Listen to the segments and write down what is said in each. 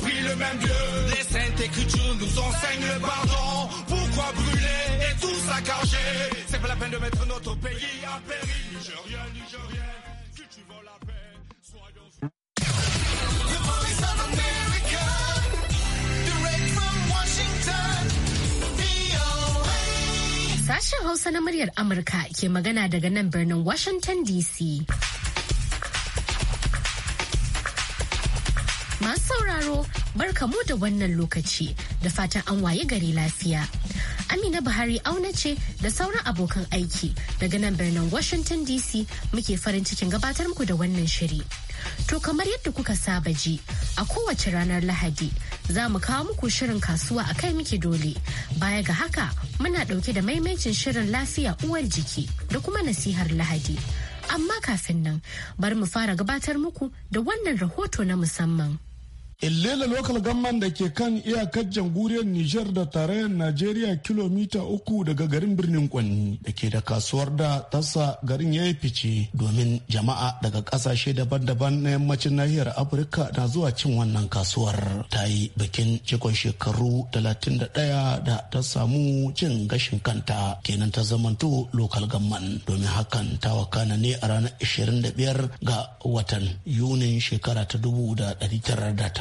Prie le même Dieu. Les saintes écritures nous enseignent le pardon. Pourquoi brûler et tout saccager C'est pas la peine de mettre notre pays à péril. Nigérien, Nigérien, si tu vends la paix, soyons... The voice of America, magana daga nan Washington DC. Masu sauraro barka mu da wannan lokaci da fatan an waye gari lafiya. Amina Buhari auna ce da sauran abokan aiki daga nan birnin Washington DC muke farin cikin gabatar muku da wannan shiri. To kamar yadda kuka saba ji a kowace ranar Lahadi za mu kawo muku shirin kasuwa a kai muke dole. Baya ga haka muna ɗauke da maimaicin shirin lafiya uwar jiki da kuma nasihar Lahadi. Amma kafin nan bari mu fara gabatar muku da wannan rahoto na musamman. Illela lokal gamman da ke kan iyakar jamhuriyar Nijar da tarayyar Najeriya kilomita uku daga garin birnin Kwanni da ke da kasuwar da tasa garin ya yi fice domin jama'a daga kasashe daban-daban na yammacin nahiyar Afirka na zuwa cin wannan kasuwar ta yi bikin cikon shekaru 31 da ta samu cin gashin kanta kenan ta zamanto lokal gamman domin hakan ta wakana ne a ranar 25 ga watan Yunin shekara ta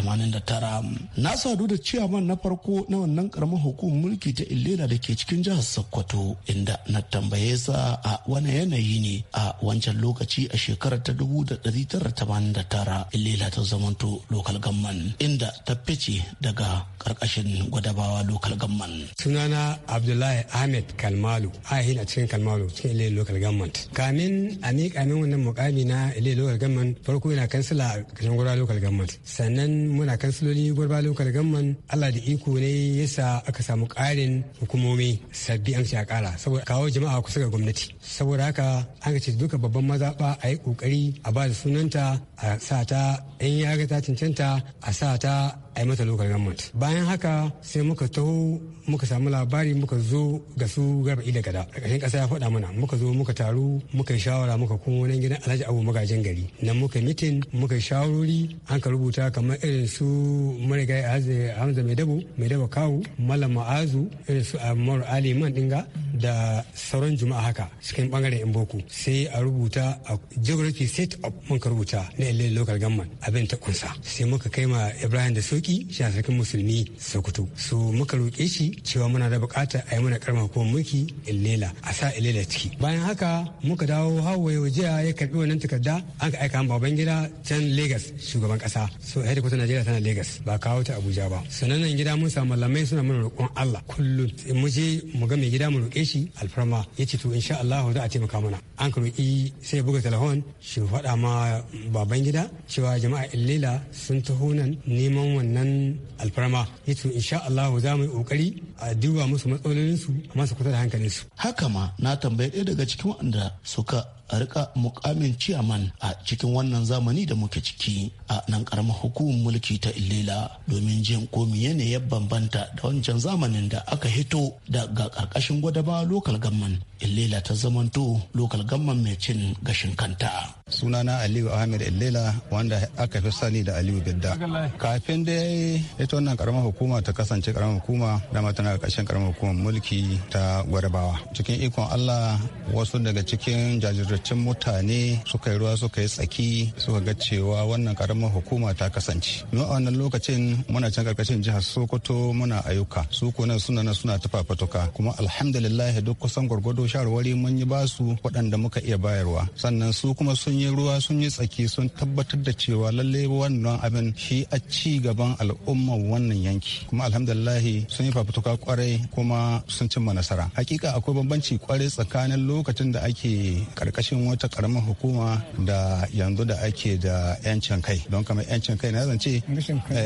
1989 na sadu da ciyaman na farko na wannan karamar hukumar mulki ta illera da ke cikin jihar sokoto inda na tambaye sa a wani yanayi ne a wancan lokaci a shekarar ta 1989 illera ta zamanto lokal gamman inda ta fice daga karkashin gwadabawa lokal gamman sunana abdullahi ahmed kalmalu yi a cikin kalmalu cikin illera lokal government kamin a ne kamin wannan mukami na illera lokal government farko yana kansila a ƙarshen gwada lokal government sannan muna kansiloli gwarba lokal gamman allah da iko ne yasa aka samu ƙarin hukumomi sabbi amshi a kara saboda kawo jama'a kusa ga gwamnati saboda haka an ce duka babban mazaba a yi ƙoƙari a ba da sunanta a sata ta in yaga ta cancanta a sata. a yi mata local government bayan haka sai muka taho muka samu labari muka zo ga su garba da gada a ƙarshen ƙasa ya faɗa mana muka zo muka taru muka yi shawara muka kuma wani gidan alhaji abu magajin gari nan muka mitin muka yi shawarori an ka rubuta kamar irin su marigayi hamza mai dabo mai dabo kawu malam ma'azu irin su amar ali man dinga da sauran juma'a haka cikin bangaren in boko sai a rubuta a geography set up mun ka rubuta na ilil local government abin ta kunsa sai muka kai ma ibrahim da su sarki shi musulmi sokoto so muka roƙe shi cewa muna da bukata a yi mana karma ko mulki illela a sa illela ciki bayan haka muka dawo hawaye waje ya karbi wannan takarda an ka aika baban gida can lagos shugaban kasa so a headquarter najeriya tana lagos ba kawo ta abuja ba sannan nan gida mun samu malamai suna mana roƙon allah kullum mu je mu ga mai gida mu roƙe shi alfarma ya ce to insha allah za a taimaka mana an ka roƙi sai buga telefon shi faɗa ma baban gida cewa jama'a illela sun taho nan neman wannan wannan alfarma ya ce insha Allah za mu yi kokari a duba musu matsalolinsu a masa kusa da hankalinsu. Haka ma na tambayi ɗaya daga cikin waɗanda suka a rika mukamin ciyaman a cikin wannan zamani da muke ciki a nan karamar hukumar mulki ta illela domin jin komi ne ya bambanta da wancan zamanin da aka hito daga karkashin gwadaba lokal gamman illela ta zamanto lokal gamman mai cin gashin kanta sunana aliyu ahmed illela wanda aka fi sani da aliyu bidda kafin da ita wannan karamar hukuma ta kasance karamar hukuma dama tana karkashin karamar hukumar mulki ta gwadabawa cikin ikon allah wasu daga cikin jajirtar jajirtaccen mutane suka yi ruwa suka yi tsaki suka ga cewa wannan karamar hukuma ta kasance mu a wannan lokacin muna can karkashin jihar sokoto muna ayyuka su kuna suna na suna fafatuka. kuma alhamdulillah duk kusan gwargwado shawarwari mun yi basu waɗanda muka iya bayarwa sannan su kuma sun yi ruwa sun yi tsaki sun tabbatar da cewa lalle wannan abin shi a ci gaban al'ummar wannan yanki kuma alhamdulillah sun yi fafatuka kwarai kuma sun cimma nasara hakika akwai bambanci kwarai tsakanin lokacin da ake karkashin karkashin wata karamar hukuma da yanzu da ake da yancin kai don kamar yancin kai na zance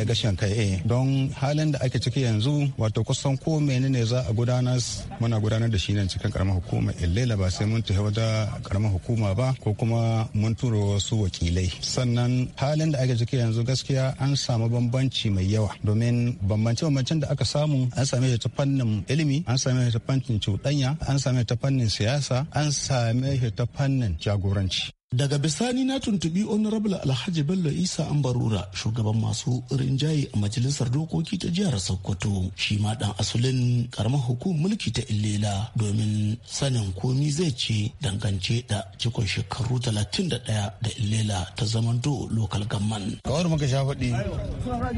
gashin eh, kai eh don halin da ake ciki yanzu wato kusan ko menene za a gudanar muna gudanar da shi nan cikin karamar hukuma illela ba sai mun tafi wata karamar hukuma ba ko kuma mun turo wasu wakilai sannan halin da ake ciki yanzu gaskiya an samu bambanci mai yawa domin bambance bambancen da aka samu an same ta fannin ilimi an same ta fannin cuɗanya an same ta fannin siyasa an same ta fannin hannun jagoranci Daga bisani na tuntubi Honorable Alhaji Bello Isa Ambarura shugaban masu rinjaye a majalisar dokoki ta jihar Sokoto shi ma dan asulin karamar hukumar mulki ta Illela domin sanin komi zai ce dangance da cikon shekaru 31 da Illela ta zamanto lokal gamman. Kawar muka sha faɗi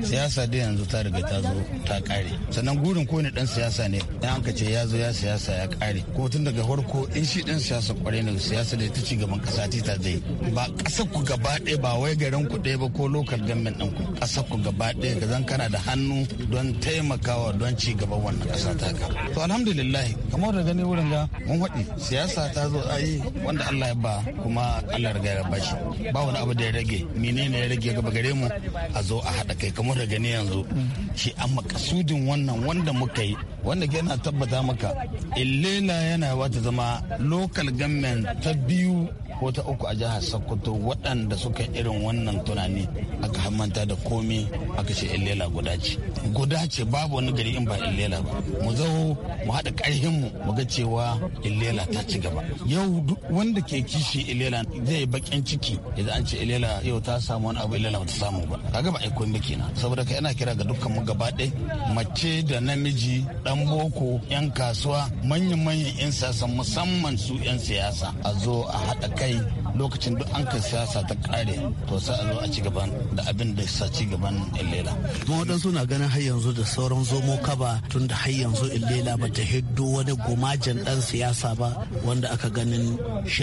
siyasa dai yanzu ta riga ta zo ta kare. Sannan gurin ko ne dan siyasa ne dan ce ya zo ya siyasa ya kare. Ko tun daga farko in shi dan siyasa ƙwarai ne siyasa da ta ci gaban kasa ta dai ba ƙasar ku gaba ɗaya ba wai garin ku ɗaya ba ko lokal gamin ɗin ku ƙasar ku gaba ɗaya ga zan kana da hannu don taimakawa don ci gaban wannan ƙasa ta ka to alhamdulillah kamar da gani wurin ga mun haɗi siyasa ta zo a yi wanda Allah ya ba kuma Allah ya ya bashi ba wani abu da ya rage menene ya rage gaba gare mu a zo a haɗa kai kamar da gani yanzu shi an makasudin wannan wanda muka yi wanda yana tabbata maka illela yana wata zama lokal government ta biyu ko ta uku a jihar sokoto waɗanda suka irin wannan tunani aka hamanta da komai aka ce illela guda ce guda ce babu wani gari in ba illela ba mu zo mu haɗa ƙarfin mu ga cewa illela ta ci gaba yau wanda ke kishi illela zai bakin ciki idan an ce illela yau ta samu wani abu illela ta samu ba kaga ba aikon ba na saboda ka ina kira ga dukkan mu gaba mace da namiji dan boko yan kasuwa manyan manyan yan siyasa musamman su yan siyasa a zo a haɗa kai yi lokacin duk an kai siyasa ta kare to sai a zo a ci gaban da abin da sa ci gaban illela kuma waɗansu na ganin har yanzu da sauran zomo kaba tun da har yanzu illela ba ta hiddo wani gumajen dan siyasa ba wanda aka ganin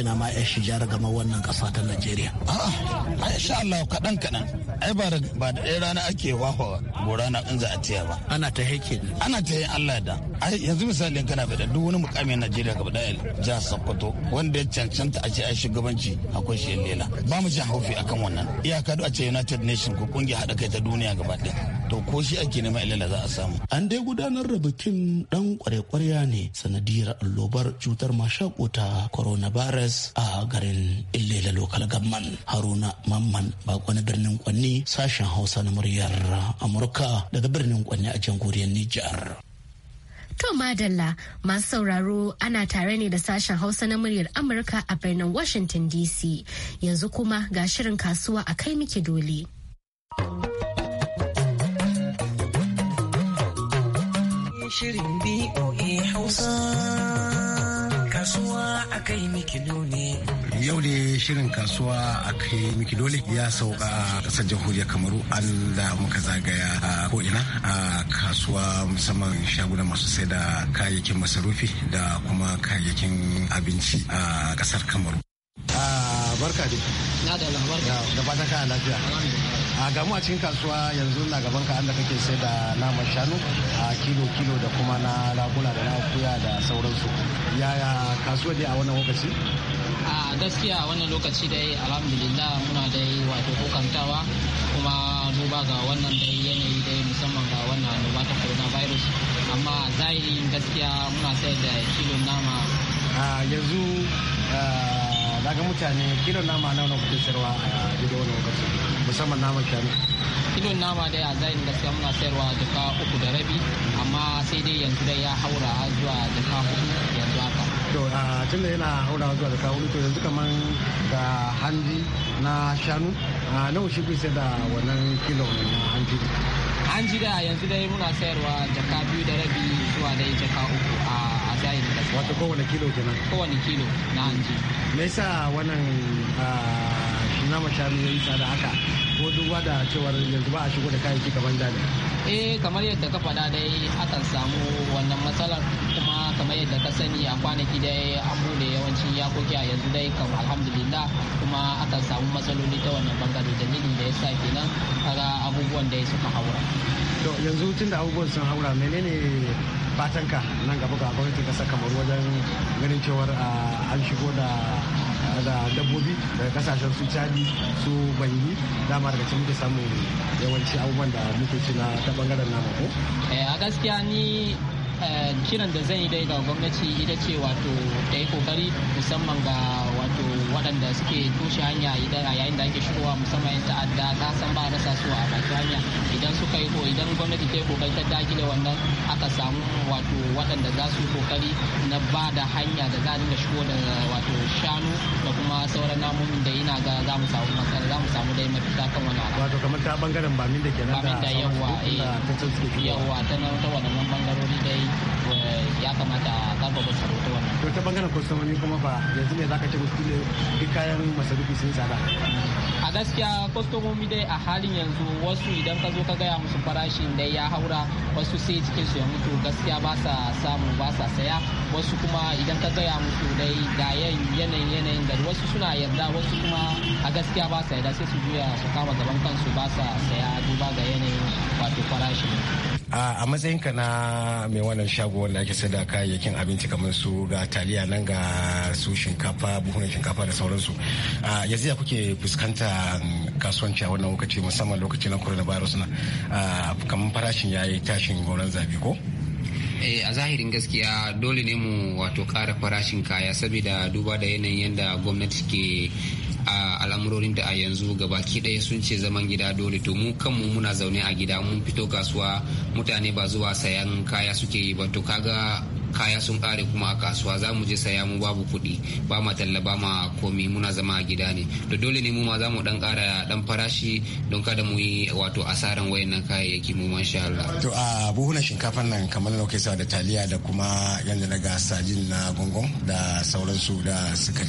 na ma yashi shijar gama wannan ƙasa ta najeriya a'a insha Allah kaɗan kaɗan ai ba da ɗaya rana ake wahawa gora na in za a tiya ba ana ta hake ana ta yin Allah da ai yanzu misali kana faɗa duk wani mukamin Najeriya gaba ɗaya jihar Sokoto wanda ya cancanta a ce ai shugabanci akwai shi lela ba mu jin haufi akan wannan iyaka da a ce united nation ko kungiya haɗa kai ta duniya gaba ɗaya to ko shi ake nema ilala za a samu an dai gudanar da bikin dan kware-kwarya ne sanadiyar allobar cutar mashako ta coronavirus a garin illela local government haruna mamman bako na birnin kwanni sashen hausa na muryar amurka daga birnin kwanni a jamhuriyar nijar To Madalla masu sauraro ana tare ne da sashen Hausa na muryar Amurka a birnin Washington DC. Yanzu kuma ga shirin kasuwa a kai muke dole. Shirin kasuwa kai muke dole. yau ne shirin kasuwa a kai miki dole ya sauka a kasar jamhuriyar kamaru an da muka zagaya a ko'ina a kasuwa musamman shaguna masu sai da kayayyakin masarufi da kuma kayayyakin abinci a kasar kamaru barka dai na da labarka da fatan kaya lafiya a gamu a cikin kasuwa yanzu na gaban ka Allah kake sai da naman shanu a kilo kilo da kuma na raguna da na kuya da sauransu yaya kasuwa dai a wannan lokaci a gaskiya a wannan lokaci dai alhamdulillah muna dai wato hukantawa kuma duba ga wannan dai yanayi dai musamman ga wannan annoba ta coronavirus amma zahiri gaskiya muna sayar da kilon nama yanzu daga mutane kilon nama na wani kudin sayarwa a daidai wani lokaci musamman nama shanu kilon nama dai a zahiri gaskiya muna sayarwa jaka uku da rabi amma sai dai yanzu dai ya haura zuwa jaka hudu yanzu to tun da yana haurawa zuwa da kawo to yanzu kamar da hanji na shanu nawa shi kusa da wannan kilo na hanji hanji da yanzu dai muna sayarwa jaka biyu da rabi zuwa dai jaka uku a zayin da wato kowane kilo kenan kowane kilo na hanji me yasa wannan nama shanu ya yi tsada haka ko duba da cewar yanzu ba a shigo da kayayyaki kamar da eh kamar yadda ka faɗa dai akan samu wannan matsalar kamar yadda ka sani a kwanaki dai an bude yawancin yakoki a yanzu dai kam alhamdulillah kuma akan samu matsaloli ta wannan bangare dalilin da ya sa kenan kaga abubuwan da suka haura to yanzu tun da abubuwan sun haura menene fatanka nan gaba ga ta saka kamar wajen ganin cewar an shigo da da dabbobi da kasashen su cadi su da dama daga cikin muke samun yawanci abubuwan da muke ci na ta bangaren nama ko eh, a gaskiya ni Eh, kiran da zan yi dai ga gwamnati ita ce wato da yi kokari musamman ga waɗanda suke toshe hanya idan a yayin da ake shigowa musamman yan ta'adda ka san ba rasa su a bakin hanya idan suka yi ko idan gwamnati ta yi kokari ta dakile wannan aka samu wato waɗanda za su yi kokari na ba da hanya da za a dinga shigo da wato shanu da kuma sauran namomin da yana ga za mu samu matsala za mu samu dai mafita kan wani ala. Wato kamar ta bangaren bamin da nan da yawa eh, yawa ta nan ta waɗannan bangarori dai Eh, ya kamata ka karfafa tsaro ta wannan. to ta bangaren kwastomomi kuma fa yanzu ne za ka ce musu duk kayan masarufi sun tsada. a gaskiya kwastomomi dai a halin yanzu wasu idan ka zo ka gaya musu farashin dai ya haura wasu sai cikin su ya mutu gaskiya ba sa samu ba sa saya wasu kuma idan ka gaya musu dai ga yanayin yanayin gari wasu suna yarda wasu kuma a gaskiya ba sa yarda sai su juya su kama gaban kansu ba sa saya duba ga yanayin wato farashin. a matsayinka na mai wannan shago shago wanda ake sayar da kayayyakin abinci kamar su ga taliya nan ga su shinkafa buhunan shinkafa da sauransu yanzu ya kuke fuskanta um, kasuwanci a wannan lokaci musamman lokacin na coronavirus na kamar farashin ya yi tashin gauran zabi ko eh, a zahirin gaskiya dole ne mu wato kara farashin kaya saboda duba da yanayin yadda gwamnati ke a al'amurorin da a yanzu gabaki ɗaya sun ce zaman gida dole to mu kanmu muna zaune a gida mun fito kasuwa mutane ba zuwa sayan kaya suke yi ba to kaga kaya sun kare kuma a kasuwa za mu je saya mu babu kuɗi ba ma talla ba ma komi muna zama a gida ne to dole ne mu ma za mu dan kara dan farashi don kada mu yi wato asaran wayannan kayayyaki mu ma insha Allah to a buhunan shinkafan nan kamar na kai da taliya da kuma yanda na ga sajin na gongon da sauransu da suka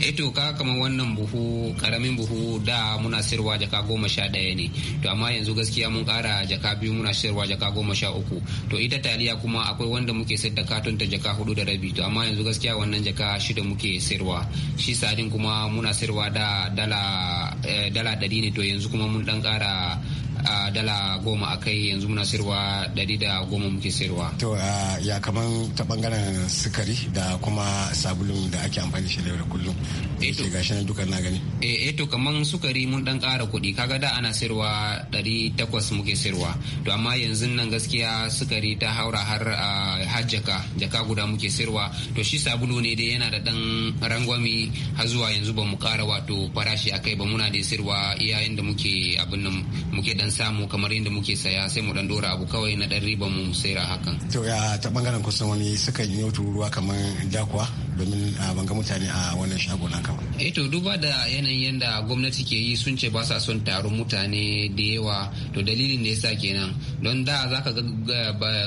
eh to ka kamar wannan buhu karamin buhu da muna siyarwa jaka goma sha daya ne to amma yanzu gaskiya mun kara jaka biyu muna siyarwa jaka goma sha uku to ita taliya kuma akwai wanda muke sayar da katon jaka hudu da rabi to amma yanzu gaskiya wannan jaka shida muke sirwa shi sadin kuma muna sirwa da dala eh, dala ɗari ne to yanzu kuma mun dan kara a dala goma a kai yanzu muna sirwa dari da goma muke sirwa. To ya kaman ta bangaren sukari da kuma sabulun da ake amfani shi da yau da kullum. Eto eh gashi na dukan na gani. eto eh, eh kaman sukari mun dan ƙara kuɗi kaga da ana sirwa dari takwas muke sirwa. to amma yanzu nan gaskiya sukari ta haura har har jaka jaka guda muke sirwa. to shi sabulu ne dai yana da dan rangwami har zuwa yanzu ba mu ƙara wato farashi akai ba muna da sirwa iyayen da muke abin nan muke dan samu kamar yadda muke saya sai mu dan dora abu kawai na dan riba mu sayar hakan to ya ta bangaren kusan wani suka yi ruwa kamar dakuwa domin ah, ban ga mutane a wannan shago na kama. eh to duba da yanayin yadda gwamnati ke yi sun ce ba sa son taron mutane da yawa to dalilin da yasa kenan don da za ka ga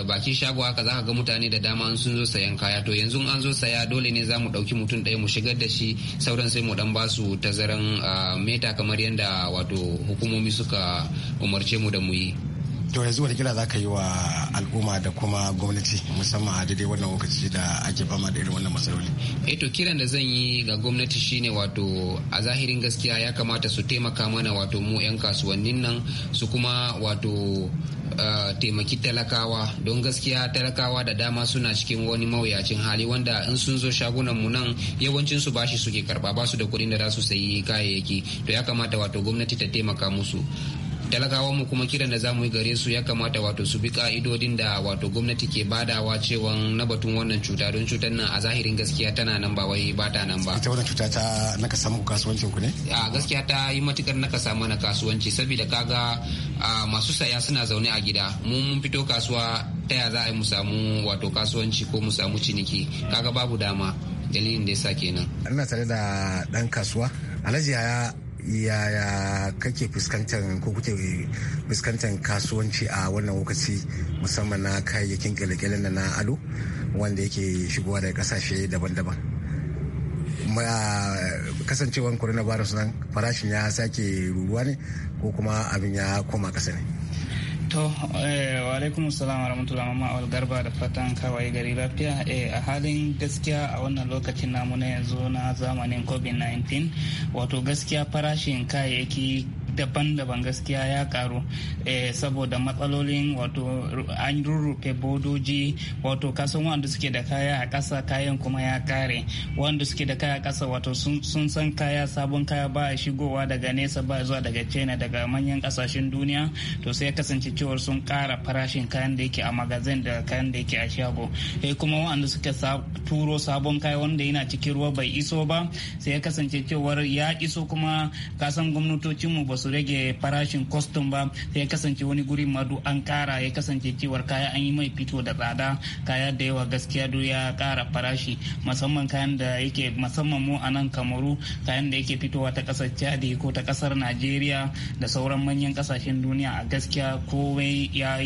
bakin shago haka za ka ga mutane da dama sun zo sayan kaya to yanzu an zo saya dole ne za mu ɗauki mutum ɗaya mu shigar da shi sauran sai mu dan su tazaran ah, meta kamar yadda wato hukumomi suka umarce mu da mu yi. to yanzu wani kira za ka yi wa al'umma da kuma gwamnati musamman a daidai wannan lokaci da ake fama da irin wannan matsaloli eh to kiran da zan yi ga gwamnati shine wato a zahirin gaskiya ya kamata su taimaka mana wato mu 'yan kasuwannin nan su kuma wato taimaki talakawa don gaskiya talakawa da dama suna cikin wani mawuyacin hali wanda in sun zo shagunan mu nan yawancin su bashi suke karba basu da kuɗin da za su sayi kayayyaki to ya kamata wato gwamnati ta taimaka musu talakawan mu kuma kiran da za mu yi gare su ya kamata wato su bi ka'idodin da wato gwamnati ke badawa cewa na batun wannan cuta don cutar nan a zahirin gaskiya tana nan ba wai ba ta nan ba ita wannan cuta ta naka samu kasuwancin ku ne a gaskiya ta yi matukar naka samu na kasuwanci saboda kaga masu saya suna zaune a gida mu mun fito kasuwa ta ya za a yi mu samu wato kasuwanci ko mu samu ciniki kaga babu dama dalilin da yasa kenan ina tare da dan kasuwa alhaji yaya yaya kake fuskantar ko kuke fuskantar kasuwanci a wannan lokaci musamman na kayayyakin gele da na ado wanda yake shigowa daga kasashe daban-daban kasancewan coronavirus nan farashin ya sake ruruwa ne ko kuma abin ya koma kasa ne to eh, wa alaikum salam warahmatullahi mamma garba da fatan kawai gari lafiya eh, a halin gaskiya a wannan lokacin namu na yanzu na zamanin covid-19 wato gaskiya farashin kayayyaki daban-daban gaskiya ya karu eh, saboda matsalolin wato an rurrufe bodoji wato kasan wanda suke da kaya a ƙasa kayan kuma ya kare wanda suke da kaya a ƙasa wato sun san kaya sabon kaya ba shigowa daga nesa ba zuwa daga china daga manyan ƙasashen duniya to sai ya kasance cewar sun kara farashin kayan da yake a magazin da kayan da yake a shago sai eh, kuma waɗanda suka turo sabon kaya wanda yana cikin ruwa bai iso ba sai ya kasance cewar ya iso kuma kasan gwamnatocin mu basu rage farashin kwastom ba sai ya kasance wani guri madu an kara ya kasance cewar kaya an yi mai fito da tsada kaya da yawa gaskiya duk ya kara farashi musamman kayan da yake musamman mu a nan kamaru kayan da yake fitowa ta kasar chadi ko ta kasar najeriya da sauran manyan kasashen duniya a gaskiya ko komai ya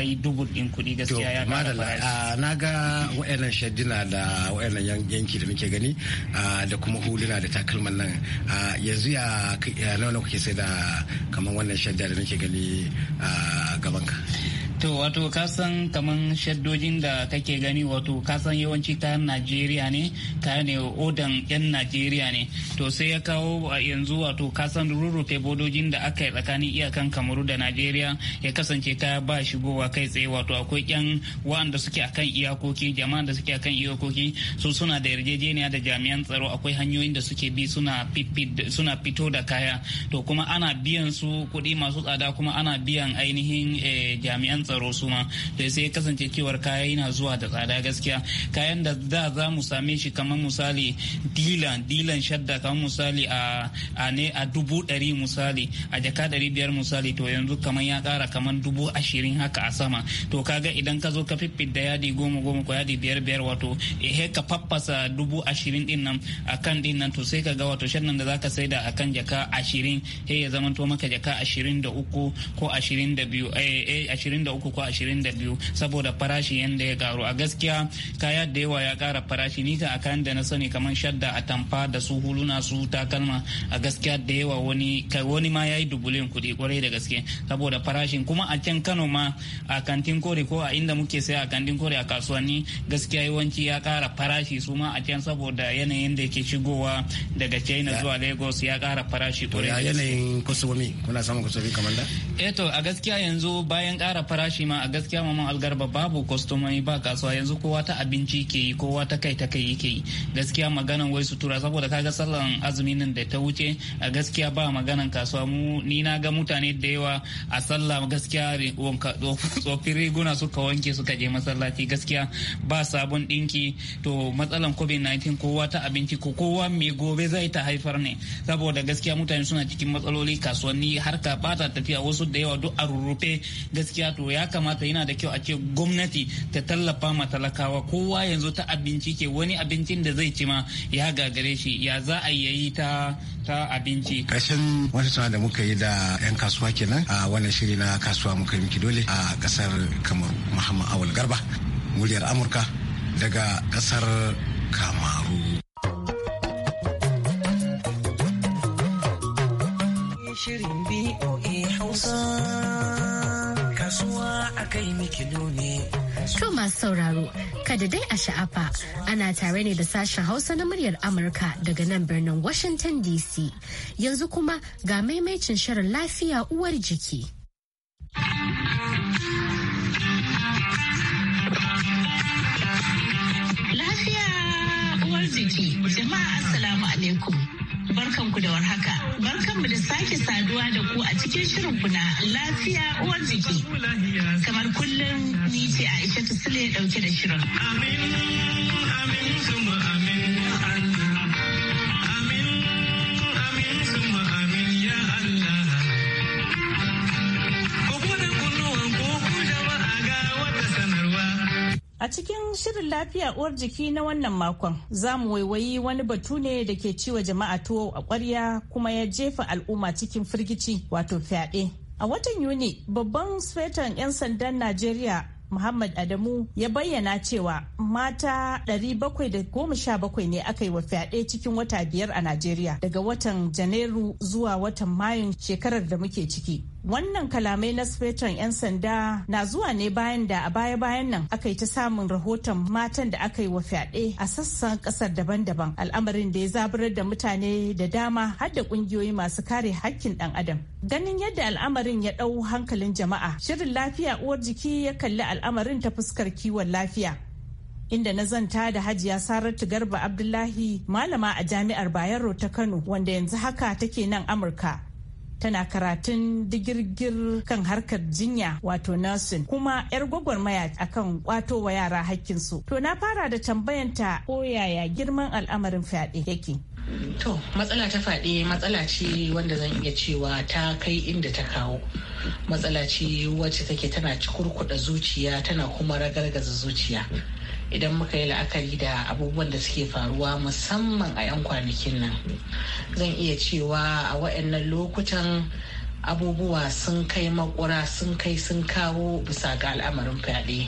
yi dubu ɗin kuɗi gaskiya ya kara ah, Na ga wa'annan shaddina da wa'annan yanki da muke gani ah, da kuma huluna da takalman nan ah, yanzu ya nawa kuke sai da kamar wannan shadda da nake gani gabanka. To wato kasan kaman shaddojin da kake gani wato kasan yawanci kayan Najeriya ne kayan ne odan 'yan Najeriya ne to sai ya kawo yanzu wato kasan rurrufe bodojin da aka yi tsakanin iyakan kamaru da Najeriya ya kasance kaya ba shigowa kai tsaye wato akwai 'yan wa'anda suke akan iyakoki jama'an da suke akan iyakoki su suna da yarjejeniya da jami'an tsaro akwai hanyoyin da suke bi suna suna fito da kaya to kuma ana biyan su kuɗi masu tsada kuma ana biyan ainihin eh, jami'an tsaro su ma da sai kasance cewar kaya yana zuwa da tsada gaskiya kayan da da za mu same shi kamar misali dilan dilan shadda kamar misali a a ne a dubu ɗari misali a jaka ɗari biyar misali to yanzu kamar ya ƙara kamar dubu ashirin haka a sama to kaga idan ka zo ka fiffida yadi goma goma ko yadi biyar biyar wato eh ka faffasa dubu ashirin din nan kan din nan to sai ka ga wato shannan da za ka saida kan jaka ashirin he ya to maka jaka ashirin da uku ko ashirin da biyu eh, eh, ashirin da uku ko ashirin da biyu saboda farashi yadda ya karu a gaskiya kaya da yawa ya kara farashi ni a kayan da na sani kamar shadda tamfa da su huluna su takalma a gaskiya da yawa wani wani ma yayi dubulin kuɗi kwarai da gaske saboda farashin kuma a can Kano ma a kantin kore ko a inda muke sai a kantin kore a kasuwanni gaskiya yawanci ya kara farashi su ma a can saboda yanayin da ke shigowa daga China zuwa Lagos ya kara farashi kwarai da gaske yanayin kusurumi kuna samun kusurumi kamar da eh a gaskiya yanzu bayan kara farashi farashi ma a gaskiya mamman algarba babu kwastomomi ba kasuwa yanzu kowa ta abinci ke yi kowa ta kai ta kai yake yi gaskiya maganan wai tura saboda kaga sallan azumi nan da ta wuce a gaskiya ba maganan kasuwa mu ni na ga mutane da yawa a sallah gaskiya tsofin riguna suka wanke suka je masallaci gaskiya ba sabon dinki to matsalan covid 19 kowa ta abinci ko kowa mai gobe zai ta haifar ne saboda gaskiya mutane suna cikin matsaloli kasuwanni harka bata tafiya wasu da yawa duk a rurrufe gaskiya to ya ya kamata yana da kyau a ce gwamnati ta tallafa ma talakawa kowa yanzu ta abinci ke wani abincin da zai ci ma ya gagare shi ya za a yayi ta ta abinci. Ƙarshen wata tana da muka yi da 'yan kasuwa kenan a wannan shiri na kasuwa muka yi miki dole a kasar kamar Muhammad Awal Garba muryar Amurka daga kasar Kamaru. To masu sauraro, kada dai a sha'afa ana tare ne da sashen Hausa na muryar Amurka daga nan birnin Washington DC. Yanzu kuma ga maimaicin shirin lafiya uwar jiki. Lafiya uwar jiki, jama'a barkan ku da warhaka. Barkanmu da sake saduwa da ku a cikin shirin kuna lafiya uwar jiki. Kamar kullum ni ce a Aisha Sule dauke da shirin. Amin, amin, amin. A cikin shirin lafiya uwar jiki na wannan makon za mu waiwayi wani batu ne da ke ciwa jama'a tuwo a ƙwarya kuma ya jefa al'umma cikin firgici wato fyaɗe. A watan Yuni babban sufetan 'yan sandan Najeriya Muhammad Adamu ya bayyana cewa mata 717 ne aka yi wa fyaɗe cikin wata biyar a Najeriya daga watan Janairu zuwa watan Mayun shekarar da muke ciki. Wannan kalamai na sufetan 'yan sanda na zuwa ne bayan da a baya-bayan nan aka yi ta samun rahoton matan da aka yi wa fyaɗe a sassan ƙasar daban-daban al'amarin da ya zaburar da mutane da dama har da ƙungiyoyi masu kare hakkin ɗan adam. Ganin yadda al'amarin ya ɗau hankalin jama'a, shirin lafiya uwar jiki ya kalli al'amarin ta fuskar kiwon lafiya. inda na zanta da hajiya saratu garba abdullahi malama a jami'ar bayero ta kano wanda yanzu haka take nan amurka tana karatun digirgir kan harkar jinya wato nursing kuma 'yar gwagwarmaya akan kwato wa yara hakkinsu. To na fara da tambayanta ko yaya girman al'amarin fyaɗe yake. To, matsala ta faɗi matsala ce wanda zan iya cewa ta kai inda ta kawo. Matsala ce wacce take tana cikurkuɗa zuciya tana kuma ragargaza zuciya. idan muka yi la'akari da abubuwan da suke faruwa musamman a 'yan kwanakin nan zan iya cewa a waɗannan lokutan abubuwa sun kai makura sun kai sun kawo bisa ga al'amarin fyaɗe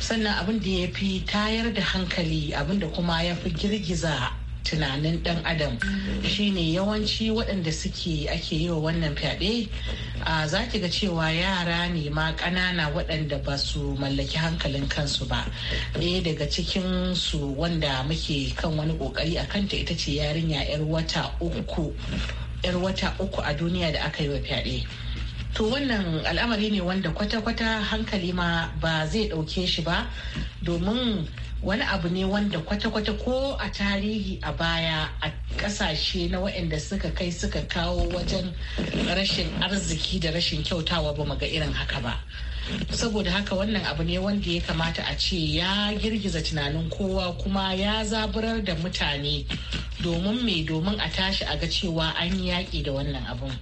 sannan abin da ya fi tayar da hankali abin da kuma ya fi girgiza tunanin dan adam shine yawanci waɗanda suke ake yi wa wannan fyaɗe A zaki ga cewa yara ne ma ƙanana waɗanda ba su mallaki hankalin kansu ba ɗaya daga cikin su wanda muke kan wani ƙoƙari a kanta ita ce yarinya 'yar 'yar wata uku a duniya da aka yi wa fyaɗe to wannan al'amari ne wanda kwata-kwata hankali ma ba zai ɗauke shi ba domin wani abu ne wanda kwata-kwata ko a tarihi a baya a kasashe na waɗanda suka kai suka kawo wajen rashin arziki da rashin kyautawa ba ga irin haka ba saboda haka wannan abu ne wanda ya kamata a ce ya girgiza tunanin kowa kuma ya zaburar da mutane domin mai domin a tashi a ga cewa an yi yaƙi da wannan abun.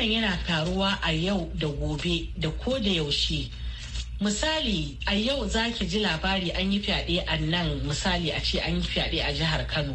wannan yana karuwa a yau da gobe da ko da yaushe misali a yau zaki ji labari an yi fyaɗe a nan misali a ce an yi fyaɗe a jihar kano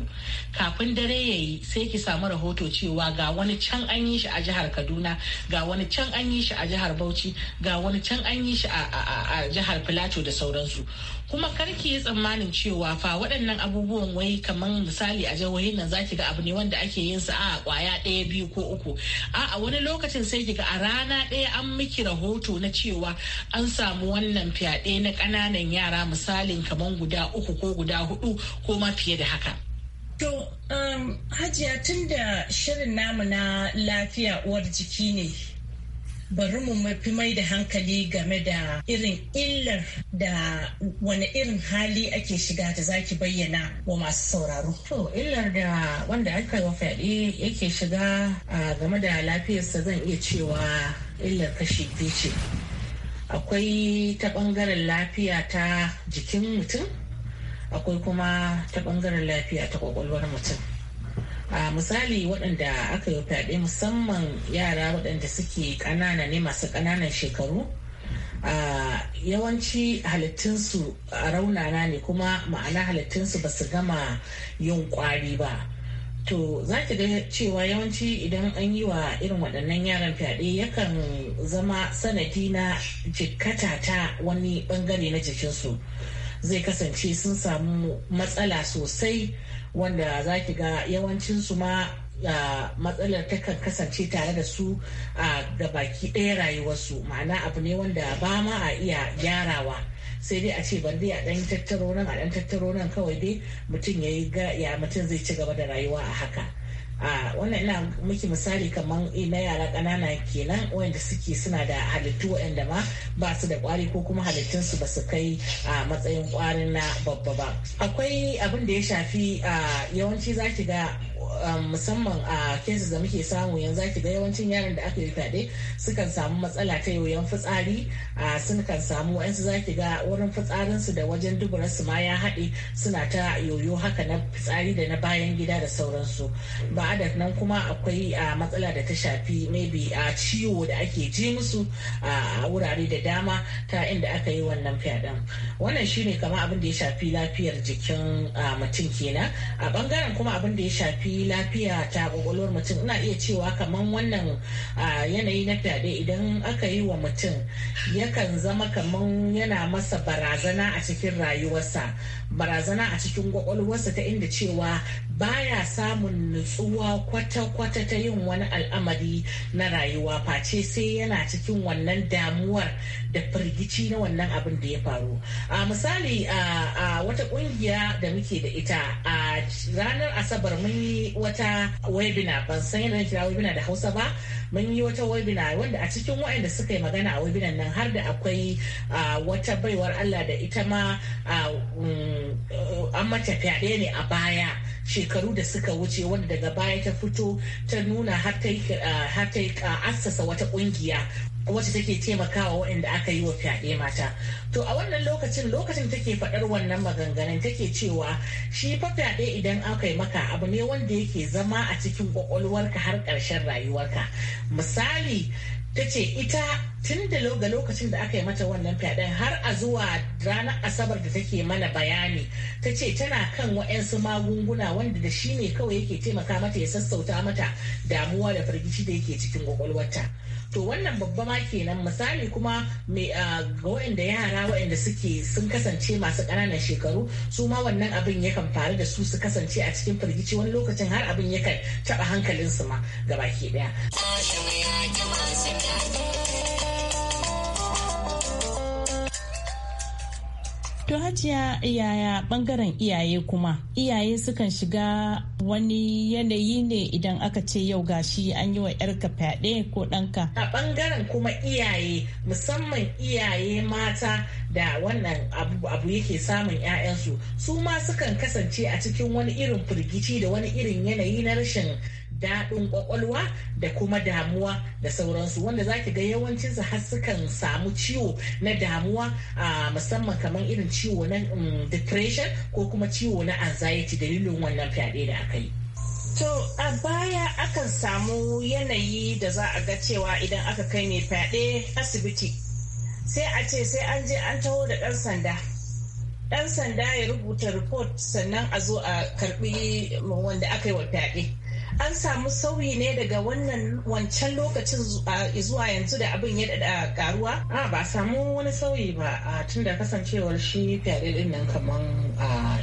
kafin dare ya yi sai ki samu rahoto cewa ga wani can an yi shi a jihar kaduna ga wani can an yi shi a jihar bauchi ga wani can an yi shi a jihar filato da sauransu kuma kar ki yi tsammanin cewa fa waɗannan abubuwan wai kamar misali a jihohin nan zaki ga abu ne wanda ake yin sa a kwaya ɗaya biyu ko uku a'a wani lokacin sai ki ga a rana ɗaya an miki rahoto na cewa an samu wannan fyaɗe na ƙananan yara misalin kamar guda uku ko guda hudu ko ma fiye da haka To, um, hajiya tun da shirin namu na lafiya uwar jiki ne, bari mu mafi mai da hankali game da irin illar da wani irin hali ake shiga da zaki bayyana wa masu sauraro. To, illar da wanda aka wa fyaɗe yake shiga game da lafiyarsa zan iya cewa illar kashi biyu ce. Akwai ta ɓangaren lafiya ta jikin mutum. akwai kuma ta bangaren lafiya ta kwakwalwar mutum a misali waɗanda aka yi fyaɗe musamman yara waɗanda suke ƙanana ne masu ƙananan shekaru a yawanci halittunsu a raunana ne kuma ma'ana halittunsu ba su gama yin ƙwari ba to za ki ga cewa yawanci idan an yi wa irin waɗannan yaran fyaɗe yakan zama sanadi na jikkata ta wani ɓangare na jikinsu zai kasance sun samu matsala sosai wanda za ki ga yawancinsu ma matsalar takan kasance tare da su ga baki ɗaya rayuwarsu ma'ana abu ne wanda ba ma a iya gyarawa sai dai a ce ban dai a ɗan tattaro nan a ɗan tattaro nan kawai dai mutum ya mutum zai ci gaba da rayuwa a haka. a wannan ina miki misali kamar eh, na yara ƙanana kenan wanda suke suna da halittu waɗanda ma ba su da kwari ko kuma halittunsu ba su kai a matsayin kwari na babba ba akwai abin da ya shafi yawanci za ki ga musamman a cases da muke samu yanzu ki ga yawancin yaran da aka yi fyaɗe sukan samu matsala ta yoyon fitsari sun kan samu wa'ansu zaki ga wurin fitsarinsu da wajen duburarsu ma ya haɗe suna ta yoyo haka na fitsari da na bayan gida da sauransu ba ma'adar nan kuma akwai a matsala da ta shafi maybe a ciwo da ake ji musu a wurare da dama ta inda aka yi wannan fyaɗen wannan shine kamar abin da ya shafi lafiyar jikin mutum kenan a bangaren kuma abin da ya shafi lafiya ta kwakwalwar mutum ina iya cewa kamar wannan yanayi na fyaɗe idan aka yi wa mutum yakan zama kamar yana masa barazana a cikin rayuwarsa barazana a cikin kwakwalwarsa ta inda cewa baya samun nutsuwa kwata-kwata ta yin wani al'amari na rayuwa face sai yana cikin wannan damuwar da firgici na wannan abin da ya faru a misali a wata kungiya da muke da ita a ranar asabar mun yi wata webinar ban san yadda kira webinar da hausa ba mun yi wata webinar wanda a cikin waɗanda suka yi magana a webinar nan har da akwai wata baiwar allah da ita ma mm, an mata fyaɗe ne a baya shekaru da suka wuce wanda daga baya ta fito ta nuna har ta ah, ah, assasa wata kungiya wacce take taimakawa waɗanda aka yi wa fyaɗe mata to a wannan lokacin lokacin take faɗar wannan maganganun take cewa shi fa fyaɗe idan aka yi maka abu ne wanda yake zama a cikin ƙwaƙwalwarka har ƙarshen rayuwarka misali ta ce ita tun da lokacin da aka yi mata wannan fyaɗen har a zuwa ranar asabar da take mana bayani ta ce tana kan wa'yansu magunguna wanda da shi ne kawai yake taimaka mata ya sassauta mata damuwa da firgici da yake cikin kwakwalwarta. to wannan babba ma kenan misali kuma ah, ga wa'anda yara waɗanda suke sun kasance masu ƙananan shekaru su ma wannan abin yakan faru da su su kasance a cikin firgici wani lokacin har abin yakan taɓa hankalinsu ma gabaki ɗaya. To hajiya yaya bangaren iyaye kuma iyaye sukan shiga wani yanayi ne idan aka ce yau gashi an yi wa yarka fyaɗe ko ɗanka. A bangaren kuma iyaye musamman iyaye mata da wannan abu yake samun 'ya'yansu su ma sukan kasance a cikin wani irin firgici da wani irin yanayi na rashin daɗin ƙwaƙwalwa da kuma damuwa da sauransu wanda za ki ga yawancin su har sukan samu ciwo na damuwa a musamman kamar irin ciwo na mm, depression ko kuma ciwo na anxiety dalilin wannan fyaɗe da aka yi. To a baya akan samu yanayi da za a ga cewa idan aka kai mai fyaɗe asibiti sai a ce sai an je an taho da ɗan sanda. ɗan sanda ya rubuta report sannan a zo a karɓi wanda aka yi wa fyaɗe. an samu sauyi ne daga wannan wancan lokacin zuwa yanzu da abin ya dada karuwa a ba samu wani sauyi ba a tun da kasancewar shi fyaɗe din nan kaman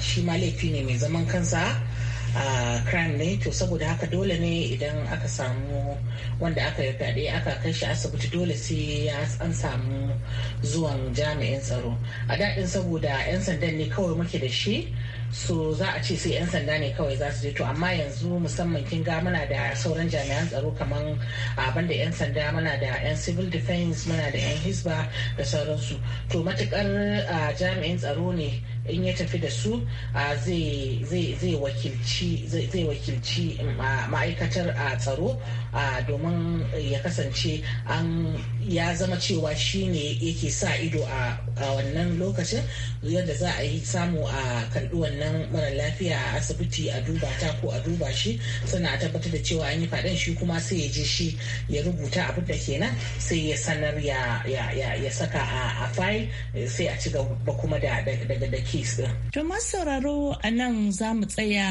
shi ma laifi ne mai zaman kansa a crime ne to saboda haka dole ne idan aka samu wanda aka yi fyaɗe aka kai shi asibiti dole sai an samu zuwan jami'in tsaro a daɗin saboda 'yan sandan ne kawai muke da shi so za a ce sai 'yan sanda ne kawai za su je to amma yanzu musamman kin ga muna da sauran jami'an tsaro kamar abin da 'yan sanda muna da 'yan civil defense muna da 'yan hisba da sauransu to matukar jami'in tsaro ne in ya tafi da su zai wakilci mm, ma'aikatar a tsaro domin ya kasance an ya zama cewa shi ne yake sa ido a wannan lokacin yadda za a yi samu a karɓi wannan mara lafiya a asibiti a duba ta ko a duba shi sannan tabbatar da cewa an yi faɗin shi kuma sai ya je shi ya rubuta abin da kenan sai ya sanar ya saka a fayil sai a ci gaba kuma da kisa. To masu a nan za mu tsaya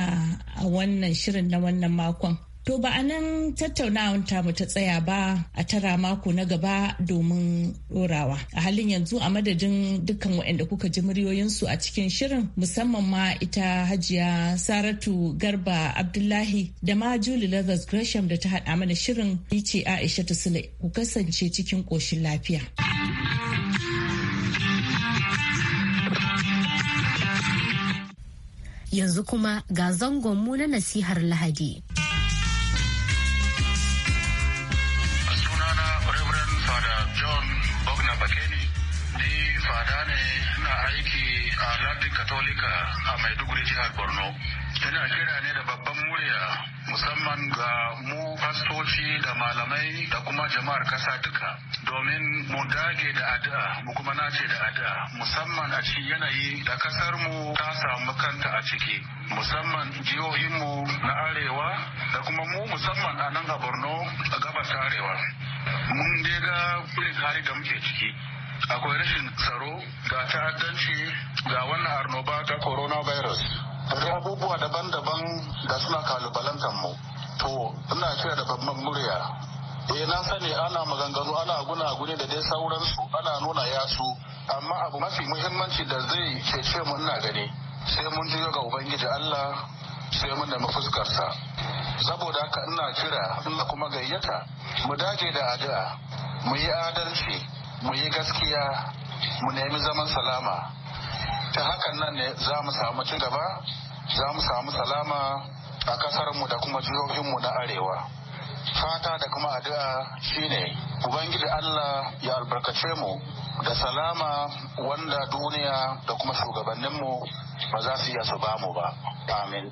a wannan shirin na wannan makon. To ba a nan tattaunawar mu ta tsaya ba a tara mako na gaba domin ɗorawa. A halin yanzu a madadin dukkan waɗanda kuka ji muryoyinsu a cikin shirin musamman ma ita hajiya Saratu Garba Abdullahi da ma Julie Leathers Gresham da ta haɗa mana shirin ni ce Aisha ta ku kasance cikin ƙoshin lafiya. Yanzu kuma ga zangonmu na nasihar Lahadi. A Sunana Reverend Fada John Bogna Bakeni, ni fada ne na aiki a Lardin Katolika a Maiduguri jihar Borno. yana kira ne da babban murya musamman ga mu fastoci da malamai da kuma jama'ar kasa duka domin mu dage da addu'a mu kuma nace da addu'a musamman a cikin yanayi da kasar mu ta samu kanta a ciki musamman jihohinmu na arewa da kuma mu musamman a nan a borno a gabas arewa mun je ga irin hali da muke ciki akwai rashin tsaro ga ta'addanci ga wannan arnoba ta coronavirus da abubuwa daban-daban da suna kalubalantar mu to ina cewa da babban murya eh na sani ana maganganu ana guna gune da dai sauransu ana nuna yasu amma abu mafi muhimmanci da zai cece mu ina gani sai mun juyo ga ubangiji Allah sai mun nemi fuskarsa saboda haka ina kira ina kuma gayyata mu dage da addu'a mu yi adalci mu yi gaskiya mu nemi zaman salama ta hakan nan ne za mu samu ci gaba za mu samu salama a mu da kuma jihohinmu na arewa fata da kuma addu'a shine ubangiji allah ya albarkace mu da salama wanda duniya da kuma shugabanninmu ba za su iya su bamu ba amin